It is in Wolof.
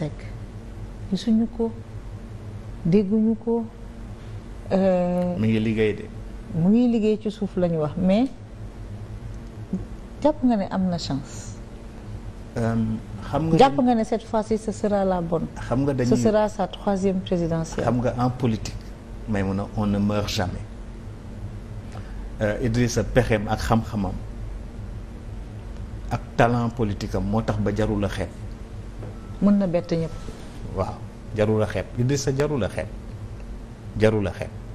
Seck gisuñu ko dégguñu ko. Euh, mu ngi liggéey de. mu ngi liggéey ci suuf la ñu wax mais jàpp nga ne am na chance. Euh, xam nga jàpp nga ne cette fois-ci ce sera la bonne. xam nga dañuy sera sa troisième présidentielle. xam nga en politique. may mun a on ne meurt jamais. Euh, Idrissa pexeem ak xam-xamam ak talent politique moo tax ba jarul a xeet. mën na bett ñëpp. waaw jarul a xeeb sa jarul a xeeb jarul a xet